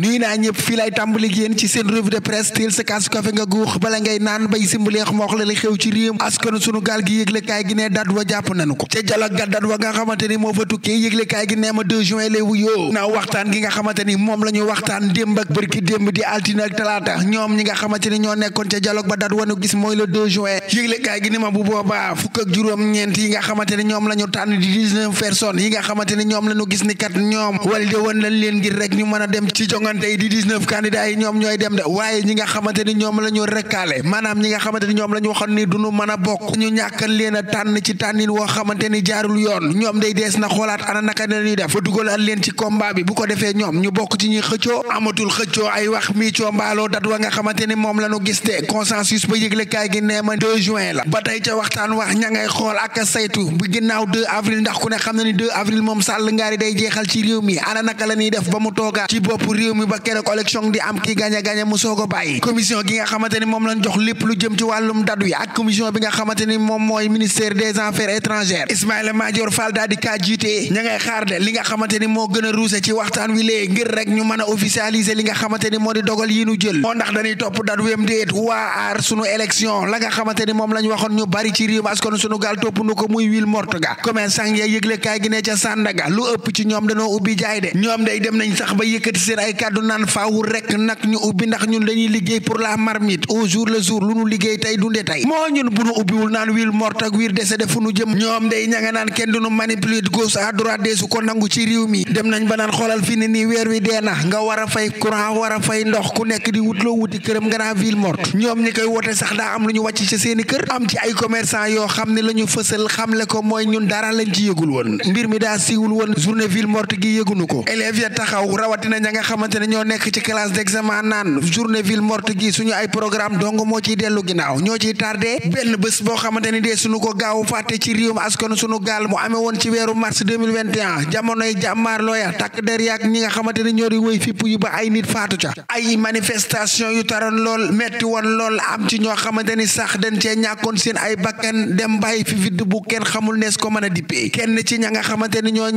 nuy naa ñëpp fii lay tàmbali yéen ci seen revue de presse teel sa kaasu kafe nga guux bala ngay naan bay simbuleex moox la li xew ci réew askanu sunu gaal gi yëglekaay gi ne dat wa jàpp nanu ko ca dialogue ga dat wa nga xamante ni moo fa tukkee yëglekaay gi nee ma 2 juin waxtaan gi nga xamante ni moom la ñu waxtaan démb ak bërki démb di altine ak talaata ñoom ñi nga xamante ni ñoo nekkoon ca dialogue ba dat wa nu gis mooy le 2 juin yëglekaay gi ni ma bu boobaa fukk ak juróom ñeent yi nga xamante ni ñoom la ñu tànn di 19 nga xamante ni ñoom la ñu gis ni kat ñoom wala de woon lañ leen ngir rek ñu mën dem ci jong jongante yi di 19 candidats yi ñoom ñooy dem de waaye ñi nga xamante ni ñoom la ñu recalé maanaam ñi nga xamante ñoom la ñu waxoon ni duñu mën a bokk ñu ñàkkal leen a tànn ci tànnin woo xamante jaarul yoon ñoom day dees na xoolaat ana naka la ñuy def ba dugalaat leen ci combat bi bu ko defee ñoom ñu bokk ci ñuy xëccoo amatul xëccoo ay wax mii coo mbaaloo wa nga xamante ni moom la gis de consensus ba yëgle kaay gi nee ma juin la ba tey ca bu ginnaaw 2 avril ndax ku ne xam na ni 2 avril moom sàll ngaari day jeexal ci réew mi mi ba keroog élection di am ki gañe gañe mu soog a bàyyi commission gi nga xamante moom lañ jox lépp lu jëm ci wàllum dadu yi ak commission bi nga xamante moom mooy ministère a ruuse ci waxtaan wi ñu a officialiser li la nga xamante ni bari ci réew askan sunu gaal topp nu ko muy wil mort ga commerçant ya yëgle kaay gi ne ca Sandaga lu ëpp ci ñoom dañoo ubbi jaay de ñoom day dem nañ sax ba yëkkati seen ay kaddu naan faawu rek nag ñu ubbi ndax ñun dañuy liggéey pour la marmite au jour le jour lu nu liggéey tey dunde tey moo ñun bu nu ubbiwul naan wiil mort ak wiir décédé fu nu jëm ñoom day ña naan kenn du nu manipuler gauche à droite deesu ko nangu ci réew mi dem nañ ba naan xoolal fi ne nii weer wi dee na nga war a fay courant war a fay ndox ku nekk di wutloo wuti këram nga naan ville morte ñoom ñu koy woote sax daa am lu ñu wàcc ci seeni kër am ci ay commerçant yoo xam ne la ñu fësal xamle ko mooy ñun dara lañ ci yëgul woon mbir mi daa siiwul woon journée ville morte gi yëgunu ko xamante ne ñoo nekk ci classe d'examen naan journée morte gi suñu ay programme dong moo ciy dellu ginnaaw ñoo ciy tardé benn bés boo xamante ni dee suñu ko gaaw fàtte ci réewum askan suñu gaal mu amee woon ci weeru mars 2021 jamonoy jàmmaar looya takk der yaak ñi nga xamante ne ñoo di woy fipp yu ba ay nit faatu ca ay manifestation yu taroon lool metti woon lool am ci ñoo xamante sax dañ cee ñàkkoon seen ay bakkan dem bàyyi fi vidd bu kenn xamul nees ko a dippee kenn ci ña nga xamante ni ñoo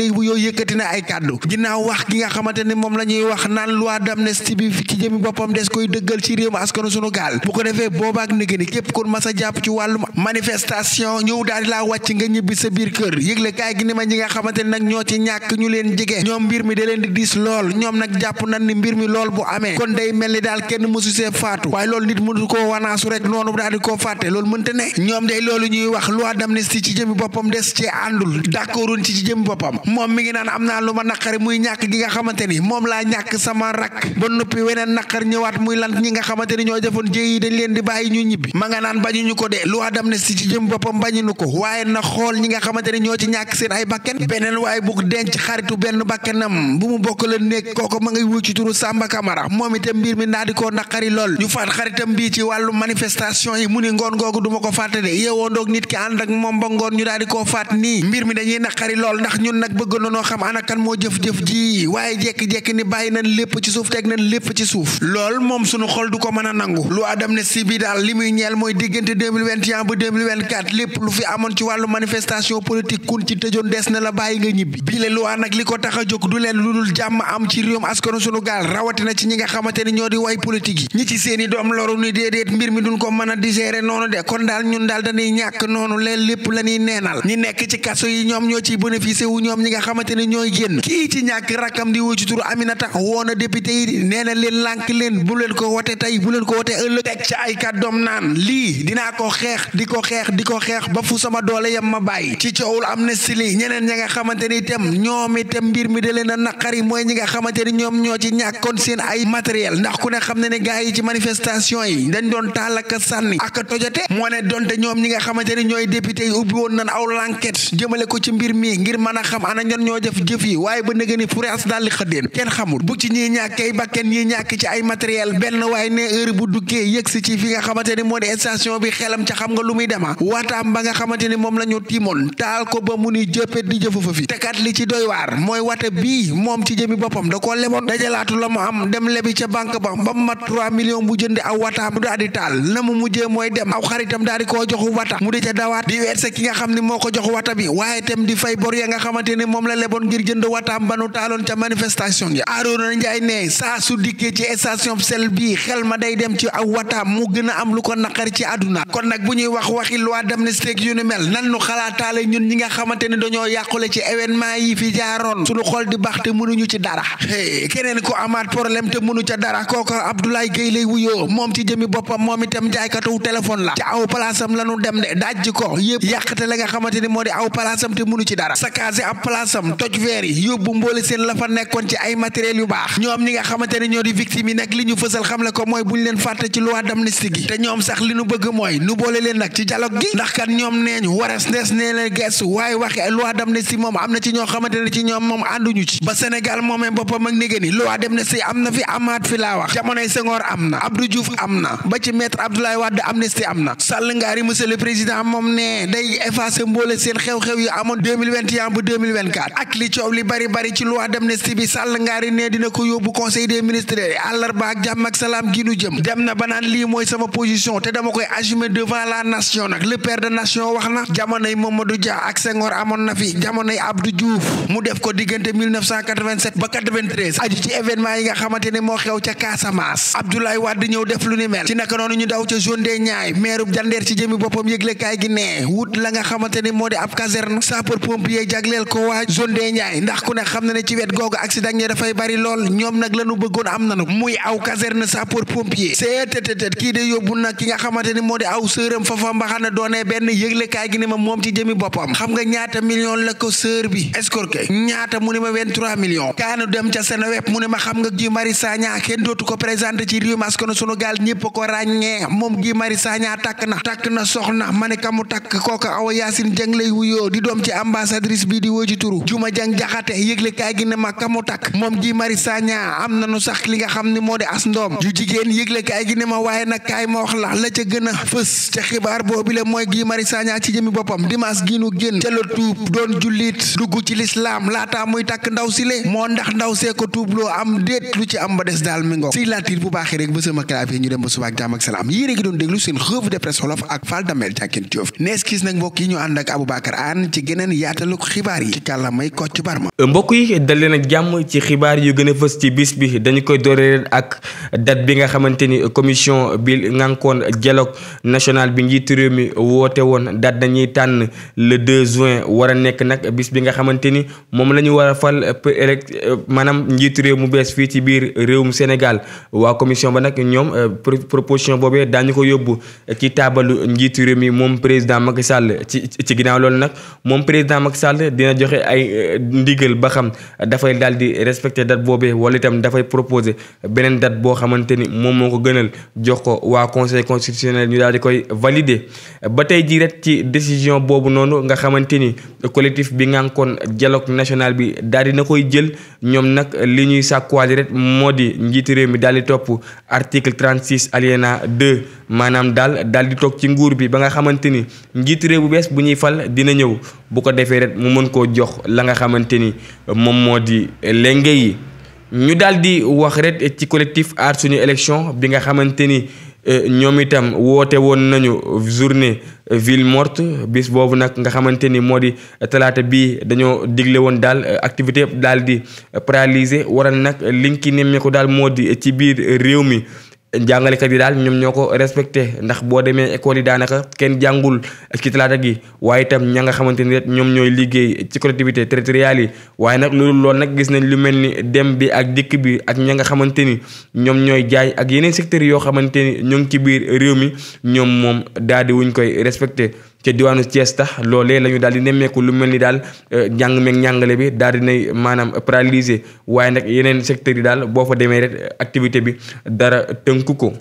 Abdoulaye Bouyo yëkkati na ay kàddu ginnaaw wax gi nga xamante ne moom la ñuy wax naan loi d'amnistie bi ci jëmi boppam des koy dëggal ci réew mi askanu sunu gaal bu ko defee boobaak nigi ni képp kon mas a jàpp ci wàllum manifestation ñëw daal di wàcc nga ñibbi sa biir kër yëgle kaay gi ni ma ñi nga xamante ne nag ñoo ci ñàkk ñu leen jege ñoom mbir mi da leen di diis lool ñoom nag jàpp nañ ni mbir mi lool bu amee kon day mel ni daal kenn mësu see faatu waaye loolu nit mënu koo wanaasu rek noonu daal di koo fàtte loolu mënte ne ñoom day loolu ñuy wax loi d'amnistie ci jëmi boppam des ci àndul d'accorduñ ci ci jëmi boppam moom mi ngi naan am naa lu ma naqari muy ñàkk gi nga xamante ni moom laa ñàkk sama rakk ba noppi weneen naqar ñëwaat muy lan ñi nga xamante ni ñoo defoon jëy yi dañ leen di bàyyi ñu ñibbi ma nga naan bañuñu ko de loi d'amnistie ci jëm boppam bañuñu ko waaye na xool ñi nga xamante ni ñoo ci ñàkk seen ay bakken beneen waaye bug denc xaritu benn bakkenam bu mu bokk la nekk kooko ma ngay wuy ci turu Samba Camara moom itam mbir mi naa di koo naqari lool ñu faat xaritam bii ci wàllu manifestation yi mu ni ngoon googu duma ko fàtte de yeewoondoog nit ki ànd ak moom ba ngoon ñu daal di koo faat nii mbir mi dañuy naqari lool ndax ñun nag bëgg na noo xam ana kan moo jëf-jëf ji waaye jekki-jekki ni bàyyi nañ lépp ci suuf teg nañ lépp ci suuf lool moom sunu xol du ko mën a nangu lu amnistie bi daal li muy ñeel mooy diggante 2021 ba 2024 lépp lu fi amoon ci wàllu manifestation politique kun ci tëjoon des na la bàyyi nga ñibbi bile loi nag li ko tax a jóg du leen lu dul jàmm am ci réewum askanu sunu gaal rawatina ci ñi nga xamante ni ñoo di way politique yi ñi ci seeni doom loru ni déedéet mbir mi duñ ko mën a digérer de kon daal ñun daal dañuy ñàkk noonu leen lépp la ñuy neenal ñi nekk ci kaso yi ñoom ñoo ciy bénéficié wu ñoom ñi nga xamante ne ñooy génn kii ci ñàkk rakkam di wuju turu Aminata woo na député yi nee na leen lànk leen bu leen ko wote tey bu leen ko wote ëllëg ci ay kàddoom naan lii dinaa ko xeex di ko xeex di ko xeex ba fu sama doole yem ma bàyyi ci coowul amnistie li ñeneen ña nga xamante ni itam ñoom itam mbir mi da leen a naqari mooy ñi nga xamante ni ñoom ñoo ci ñàkkoon seen ay matériel ndax ku ne xam ne ne gars yi ci manifestation yi dañ doon taal ak sànni ak tojate moo ne donte ñoom ñi nga xamante ni ñooy député yi ubbi woon nan aw l'enquête jëmale ko ci mbir mi ngir mën a xam ana ñan ñoo jëf jëf yi waaye ba nëgëni furaas daal di kenn xamul bu ci ñii ñàkkee bakken ñii ñàkk ci ay matériel benn waaye ne heure bu duggee yëgsi ci fi nga xamante ni moo di station bi xelam ca xam nga lu muy dema ah. waataam ba nga xamante ni moom la ñu timoon taal ko ba mu ni jëppet di jëfu fa fi tekat li ci doy waar mooy wata bii moom ci jëmi boppam da koo leboon dajalaatu la mu am dem lebi ca banque ba ba mu mat 3 millions bu jënd aw wataam daal di taal na mu mujjee mooy dem aw xaritam daal di koo joxu wata mu di ca dawaat di weerse ki nga xam ni moo ko jox wata bi waaye tam di fay bor ya nga xamante ni moom la leboon ngir jënd wataam banu taaloon ca manifestation ya Aroona Njaay ne saa su dikkee ci station xel ma day dem ci aw wataam mu gën a am lu ko naqari ci àdduna kon nag bu ñuy wax waxi loi d'amnistie yu ni mel nan nu xalaataale ñun ñi nga xamante ne dañoo yàqule ci événement yi fi jaaroon su suñu xool di baax te mënuñu ci dara keneen ko amaat problème te mënu ca dara kooku Abdoulaye Gueye lay wuyoo moom ci jëmi boppam moom itam jaaykatu téléphone la ci aw palaasam la nu dem de dajji ko yëpp yàqate la nga xamante ni moo di aw palaasam te mënu ci dara place am toj veer yi yóbbu mboole seen la fa nekkoon ci ay matériel yu baax ñoom ñi nga xamante ñoo di victime yi nag li ñu fësal xam ko mooy bu ñu leen fàtte ci loi d'amnistie gi te ñoom sax li ñu bëgg mooy nu boole leen nag ci dialogue gi ndax kat ñoom nee ñu wares ndees nee leen gestu waaye waxe loi d'amnistie moom am na ci ñoo xamante ci ñoom moom ànduñu ci ba Sénégal moomee boppam ak nigéen yi loi d'amnistie am na fi amaat fi laa wax jamonoy Senghor 2024 ak li coow li bari bari ci loi d'amnistie bi sàll ngaari ne dina ko yóbbu conseil des ministres àllarba ak jàmm ak salaam gi nu jëm dem na ba naan lii mooy sama position te dama koy assumer devant la nation nag le père de nation wax na jamonoy Mamadou Dia ak Senghor amoon na fi jamonoy Abdou Diouf mu def ko diggante ba aju ci événement yi nga xamante moo xew ca Casamance Abdoulaye Wade ñëw def lu ni mel ci naka noonu ñu daw ca zone des waa zone des Niayes ndax ku ne xam na ne ci wet googu accident ñi dafay bari lool ñoom nag lañu bëggoon am nanu muy aw caserne sapeur pompier seetetetet kii de yóbbu nag ki nga xamante ni moo di aw sëram fafa mbaxana doonee benn yëglekaay gi ne ma moom ci jëmi boppam xam nga ñaata million la ko sër bi escorté ñaata mu ne ma 23 millions kaanu xam nga Guy Marius Sagna kenn dootu ko présenté ci réew mi sunu gaal ñëpp ko ràññee moom Guy Marius Sagna takk na takk na ma ne kamu takk kooka awa Yacine Dieng lay wuyoo ci turu juma jang jaxate yëgle kaay gi ne màkka mu takk moom gi mari saña am na nanu sax li nga xam ni moo di as ndoom yu jigéen yëgle kaay gi ne ma waaye nag kaay ma wax la la ca gën a fës ca xibaar boobu le mooy gi mari saña ci jëmi boppam dimanche gi nu génn ca la tuub doon jullit dugg ci lislaam laataa muy takk ndaw si le moo ndax ndaw see ko tuubloo am déet lu ci am ba des daal mi ngoo si laatir bu baaxee rek ba sama clavier ñu dem ba suba ak jàmm ak salaam a ngi doon déglu seen revue de presse wolof ak Fall mbokk yi ñu ànd ak Aboubacar Anne ci geneen yaatalu xibaar yi ci kàllaamay Kocc Barma. mbokk yi dal jàmm ci xibaar yu gën a fës ci bis bi dañu koy dooree ak dat bi nga xamante ni commission bi ngànkoon dialogue national bi njiitu réew mi woote woon date dañuy tànn le 2 juin war a nekk nag bis bi nga xamante ni moom la ñu war a fal élect euh, maanaam njiitu réew mu bees fii ci biir réewum Sénégal waa commission ba nag ñoom euh, proposition boobee daañu ko yóbbu ci taabalu njiitu réew mi moom président mag Sall ci ci ginnaaw loolu nag moom président Macky joxe ay euh, ndigal ba xam dafay daal di respecté date boobee wala itam dafay proposé beneen date boo xamante ni moom moo ko gënal jox ko waa conseil constitutionnel ñu daal di koy valider ba tey jii rek ci décision boobu noonu nga xamante ni collectif bi nga kon dialogue national bi daal di na koy jël ñoom nag li ñuy sàkkuwaale rek moo di njiiti réew mi daal di topp article 36 alinéa 2 maanaam daal daal di toog ci nguur bi ba nga xamante ni njiitu réew bu bees bu ñuy fal dina ñëw bu ko defee rek mu mën koo jox la nga xamante ni moom moo di lenge yi ñu daal di wax rek ci collectif aar suñu élection bi nga xamante ni eh, ñoom itam woote woon nañu journée ville morte bis boobu nag nga xamante ni moo di talaata bi dañoo digle woon daal activité daal di paralysé waral nag liñ ki ko daal moo di ci biir réew mi jàngalekat yi daal ñoom ñoo ko respecté ndax boo demee école yi daanaka kenn jàngul ci talaata gi waaye itam ña nga xamante ni ñoom ñooy liggéey ci collectivité territoriale yi waaye nag loolu loolu nag gis nañ lu mel ni dem bi ak dikk bi ak ña nga xamante ni ñoom ñooy jaay ak yeneen secteurs yoo xamante ni ñoo ci biir réew mi ñoom moom daadi wuñ koy respecté ca diwaanu Thiès tax loolee la ñu daal di nemmeeku lu mel ni daal euh, njàng meeg njàngale bi daal di nay maanaam paralysé waaye nag yeneen secteurs yi daal boo fa demee rek activité bi dara tënku ko.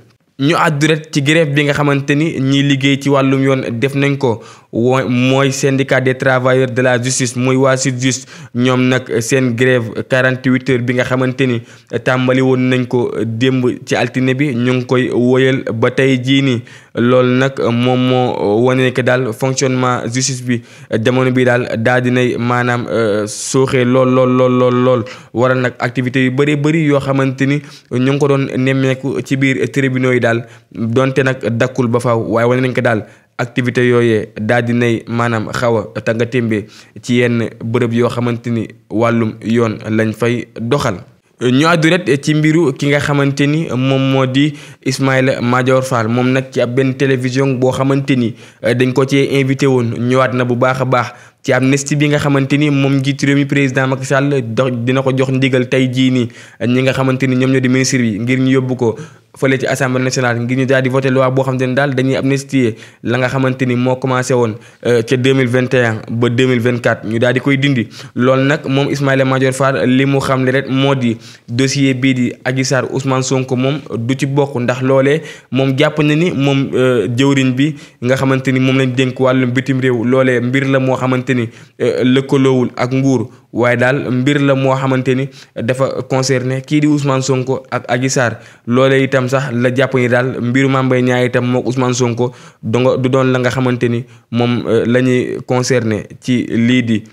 ñu àddu rek ci grève bi nga xamante ni ñiy liggéey ci wàllum yoon def nañ ko woo mooy syndicat de travailleurs de la justice mooy waa SYTJUST ñoom nag seen grève quarante-huit heures bi nga xamante ni tàmbali woon nañ ko démb ci altine bi ñu ngi koy woyal ba tey jii nii loolu nag moom moo wane daal fonctionnement justice bi jamono bi daal daa dinay maanaam euh, sooxee lool lool lool lool lool waral nag activités yu bëree bëri yoo xamante ni ñu ngi ko doon nemmeeku ci biir tribunaux yi daal donte nag dakkul ba faw waaye wane nañ ko daal activité yooye daal di nay maanaam xaw a tàgga témbe ci yenn bërëb yoo xamante ni wàllum yoon lañ fay doxal ñu àddu ret ci mbiru ki nga xamante ni moom moo di Ismaïla Madior Fall moom nag ci ab benn télévision boo xamante ni eh, dañ ko ci invité woon ñëwaat na bu baax a baax ci amnistie bi nga xamante ni moom njiit réew mi président Macky Sall dox dina ko jox ndigal tey jii nii ñi nga xamante ni ñoom ñoo di ministre yi ngir ñu yóbbu ko fële ci assemblée nationale ngir ñu daal di voté loi boo xamante na daal dañuy amnistier la nga xamante ni moo commencé woon euh, mille ca 2021 ba 2024 ñu daal di koy dindi loolu nag moom Ismaïla Madior Fall li mu xam ne rek moo di dossier bii di Adji Sarr Ousmane moom du ci bokk ndax loole moom jàpp na ni moom euh, jëwriñ bi nga xamante ni moom lañ dénk wàllum bitim réew loolee mbir la moo xamante ni euh, lëkkaloowul ak nguur waaye daal mbir la moo xamante ni dafa concerné kii di Ousmane Sonko ak Adji Sarr loolee itam sax la jàpp ni daal mbiru Mame Mbaye Niang itam mook Ousmane Sonko donga du doon la nga xamante ni moom euh, la ñuy concerné ci liidi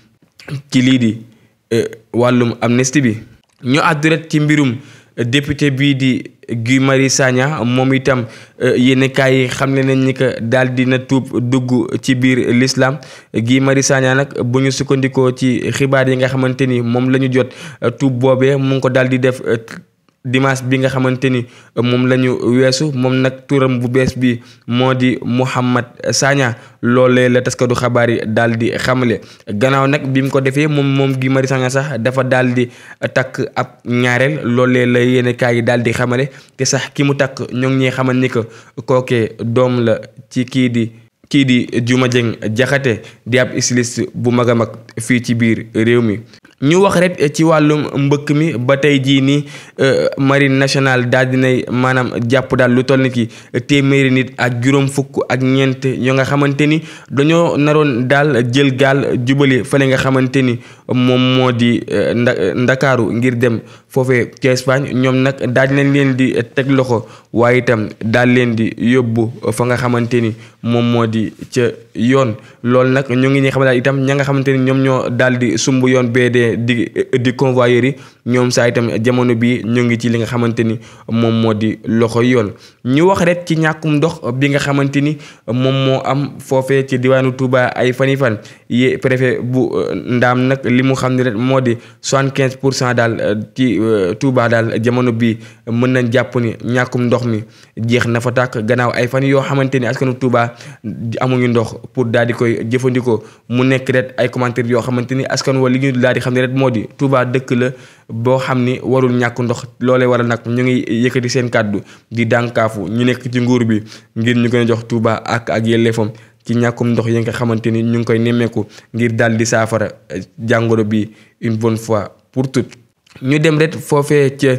ci lii di euh, wàllum amnistie bi ñu àddu ci mbirum euh, député bii Guy Marie Sagna moom itam eh, yéen kaay yi xam ne nañ ni que daal dina tuub dugg ci biir lislaam Guy Marie Sagna nag bu ñu sukkandikoo ci xibaar yi nga xamante ni moom la ñu jot eh, tuub boobe mu ngi ko daal di def eh, dimanche bi nga xamante ni euh, moom la ñu weesu moom nag tuuram bu bees bi moo di Mouhamed Sagna loolee la taskatu xabaar yi daal di xamale gannaaw nag bi mu ko defee moom moom gi Mari Sagna sax dafa daal di takk ab ñaareel loole la yéene kaay yi daal di xamale te sax ki mu takk ñoom ngi ñee xamal ni que kookee doom la ci kii di kii di Juma Jeng Jaxate di ab styliste bu mag a mag fii ci biir réew mi ñu wax rek ci wàllum mbëkk mi ba tey jii nii euh, marine nationale daal dinay maanaam jàpp daal lu toll ni ki téeméeri nit ak juróom fukk ak ñeent yoo nga xamante ni dañoo naroon daal jël gaal jubali fële nga xamante ni moom moo di euh, nda ndakaaru ngir dem foofee ca Espagne ñoom nag daaj nañ leen di teg loxo waaye itam daal leen di yóbbu fa nga xamante ni moom moo di ca yoon loolu nag ñoo ngi ñuy xam daal itam ña nga xamante ni ñoom ñoo daal di sumb yoon bee dee di di convoyeur yi ñoom saa itam jamono bi ñu ngi ci li nga xamante ni moom moo di loxo yoon ñu wax rek ci ñàkkum ndox bi nga xamante ni moom moo am foofee ci diwaanu Touba ay fani fan bu euh, ndaam nag li mu xam ne rek moo di soixante-quinze pour cent daal euh, ci euh, Touba daal jamono bi mën nañ jàpp ni ñàkkum ndox mi jeex na fa tàkk gannaaw ay fan yoo xamante ni askanu Touba amuñu ndox pour daal di koy jëfandikoo mu nekk rek ay commentaires yoo xamante ni askan wa li ñu daal di xam ne rek moo di Touba dëkk la boo xam ni warul ñàkk ndox loole waral nag ñu ngi yëkkati seen kàddu di dànkaafu ñu nekk ci nguur bi ngir ñu gën a jox Touba ak ak yelleefam ci ñàkkum ndox yi nga xamante ni ñu ngi koy nemmeeku ngir daal di saafara eh, jàngoro bi une bonne fois pour toutes ñu dem rek foofee ca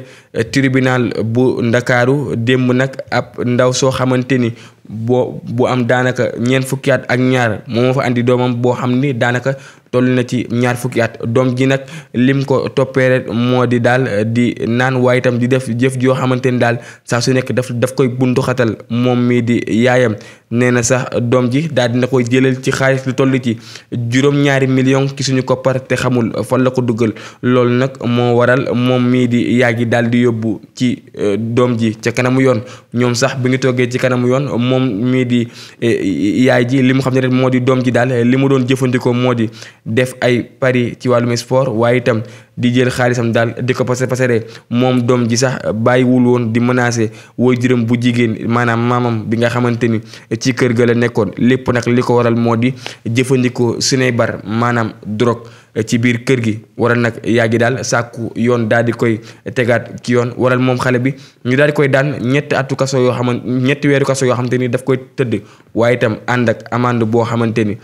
tribunal bu ndakaaru démb nag ab ndaw soo xamante ni boo bu am daanaka ñeent fukki at ak ñaar moo fa andi doomam boo xam ni daanaka toll na ci ñaar fukki at doom ji nag lim ko toppeeret moo di daal di naan waaye itam di def jëf joo xamante ni daal saa su nekk daf daf koy buntu xatal moom mii di yaayam nee na sax doom ji daal na koy jëlal ci xaalis lu toll ci juróom-ñaari million ki suñu koppar te xamul fan la ko dugal loolu nag moo waral moom mii di yaay gi daal di yóbbu ci eh, doom ji ca kanamu yoon ñoom sax bi nga toggee ci kanamu yoon moom mii di eh, yaay ji li mu xam ne rek moo di doom ji daal li mu doon jëfandikoo moo di def ay pari ci wàllu wàllum sport waaye itam di jël xaalisam daal di ko pase pasere moom doom ji sax bàyyiwul woon di menacer woy juróom bu jigéen maanaam maamam bi nga xamante ni ci kër ga la nekkoon lépp nag li ko waral moo di jëfandikoo sunay bar maanaam drogue ci biir kër gi waral nag yaa gi daal sàkku yoon daal di koy tegaat ci yoon waral moom xale bi ñu daal di koy daan ñetti atu kaso yoo xamante ñetti weeru kaso yoo xamante ni daf koy tëdd waaye itam ànd ak amande boo xamante ni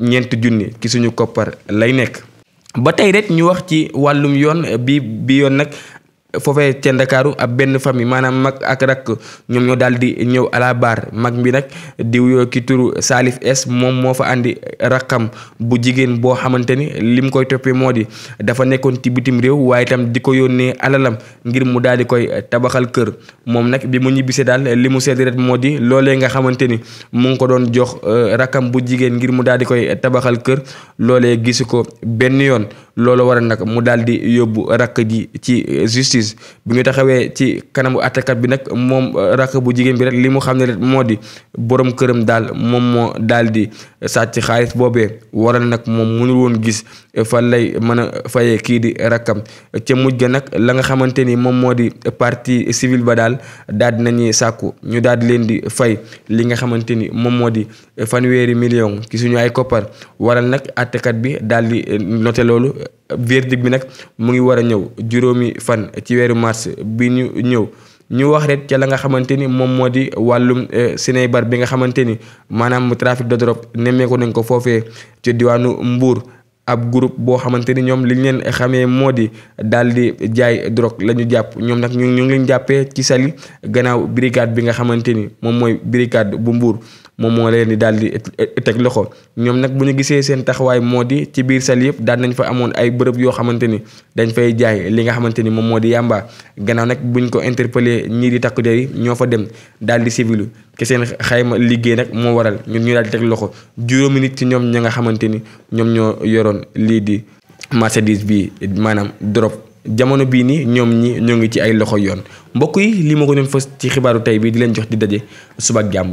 ñeenti junni ci suñu koppar lay nekk. ba tey rek ñu wax ci wàllum yoon bi bi yoon nag foofee ca Ndakaaru ab benn famille maanaam mag ak rakk ñoom ñoo daal di ñëw à la mag bi nag di wuyoo Salif S moom moo fa andi rakkam bu jigéen boo xamante ni lim koy toppee moo di dafa nekkoon ci bitim réew waaye itam di ko yónnee alalam ngir mu daal di koy tabaxal kër moom nag bi mu ñibbisee daal li mu seet ret moo di loolee nga xamante ni mu ngi ko doon jox euh, rakkam bu jigéen ngir mu daal di koy tabaxal kër loolee gisu ko benn yoon loolu waral nag mu daal di yóbbu rakk ji ci justice bi ñu taxawee ci kanamu attakat bi nag moom euh, rakk bu jigéen bi rek li mu xam ne rek moo di borom këram daal moom moo daal di sàcc xaalis boobee waral nag moom mënul woon gis fan lay mën a fayee kii di rakkam ca mujj ga nag la nga xamante ni moom moo di parti civile ba daal daal di nañuy sàkku ñu daal di leen di fay li nga xamante ni moom moo di fanweeri million ki suñu ay koppar waral nag attakat bi daal di loolu verdict bi nag mu ngi war a ñëw juróomi fan ci weeru mars bi ñu ñëw ñu wax rek ca la nga xamante ni moom moo di wàllum eh, Sénébar bi nga xamante ni maanaam trafic de drogue nemmeeku nañ ko foofee ci diwaanu Mbour ab groupe boo xamante ni ñoom liñ leen xamee moo di daal di jaay drogue la ñu jàpp ñoom nag ñu ngi jàppee ci sali gannaaw brigade bi nga xamante ni moom mooy brigade bu mbuur moom moo leen di daal di teg loxo ñoom nag bu ñu gisee seen taxawaay moo di ci biir sal yëpp daan nañu fa amoon ay bërëb yoo xamante ni dañ fay jaay li nga xamante ni moom moo di yàmba gannaaw nag buñ ko interpellé ñii di takku der yi ñoo fa dem daal di civilu ke seen xayma liggéey nag moo waral ñun ñu daal di teg loxo juróomi nit ci ñoom ña nga xamante ni ñoom ñoo yoroon lii di marchandise bi maanaam drop jamono bii nii ñoom ñi ñoo ngi ci ay loxo yoon mbokk yi li ma ko doon ci xibaaru tey bi di leen jox di daje suba ak jàmm